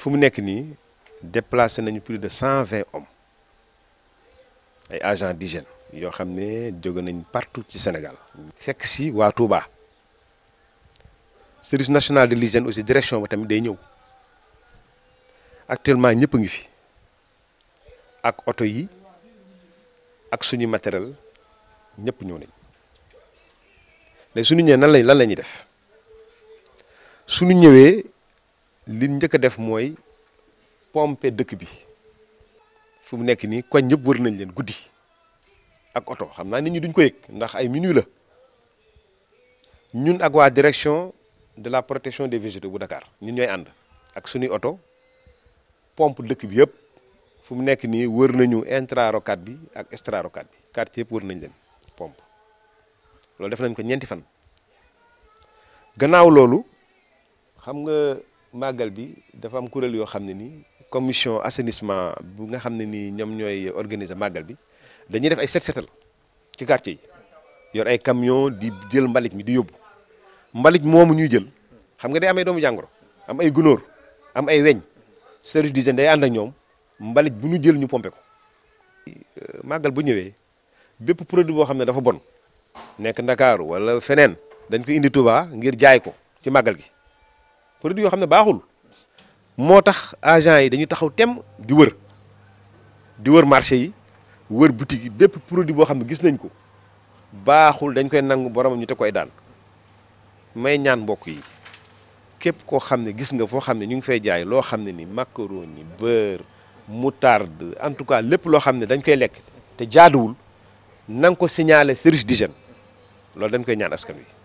fu mu nekk nii déplacé nañu plus de cent vingt hommes ay agents d'hygiène yoo xam ne jóge nañ partout ci Sénégal. fekk si waa Touba service national de l'hygiène aussi direction ba tamit day ñëw actuellement ñëpp a ngi fi ak oto yi ak suñu matériel ñëpp ñëw nañ léegi suñu ñëwee nan lañ lan la ñuy def suñu ñëwee. li njëkk a def mooy pomper dëkk bi fu mu nekk nii koñ ñëpp wër nañ leen guddi ak oto xam naa nit ñu duñ ko yëg ndax ay minuit la ñun ak waa direction de la protection des végétaux bu Dakar ñun ñooy ànd ak suñuy oto pompe dëkk bi yëpp fu mu nekk nii wër nañu intra rocade bi ak extra rocade bi quartier yëpp wër nañ leen pompe loolu def nañ ko ñeenti fan gannaaw loolu xam màggal bi dafa am kuréel yoo xam ne nii commission assainissement bu nga xam ne nii ñoom ñooy organiser màggal bi dañuy def ay set setal ci quartier yi yor ay camion di jël mbalit mi di yóbbu mbalit moomu ñuy jël xam nga day amee doomu jàngoro am ay gunóor am ay weñ service d'hygiène day ànd ak ñoom mbalit bu ñu jël ñu pompe ko. Euh, màggal bu ñëwee bépp produit boo xam ne dafa bon nekk ndakaaru wala feneen dañ ko indi Touba ngir jaay ko ci màggal gi. produit yoo xam ne baaxul moo tax agents yi dañuy taxaw tem di wër di wër marché yi wër boutique yi bépp produit boo xam ne gis nañ ko baaxul dañ koy nangu boromam ñu te koy daan may ñaan mbokk yi képp koo xam ne gis nga foo xam ne ñu ngi fay jaay loo xam ne ni macaroni beurre moutarde en tout cas lépp loo xam ne dañ koy lekk te jaaduwul na nga ko signaler service d'hygiène loolu dañ koy ñaan askan wi.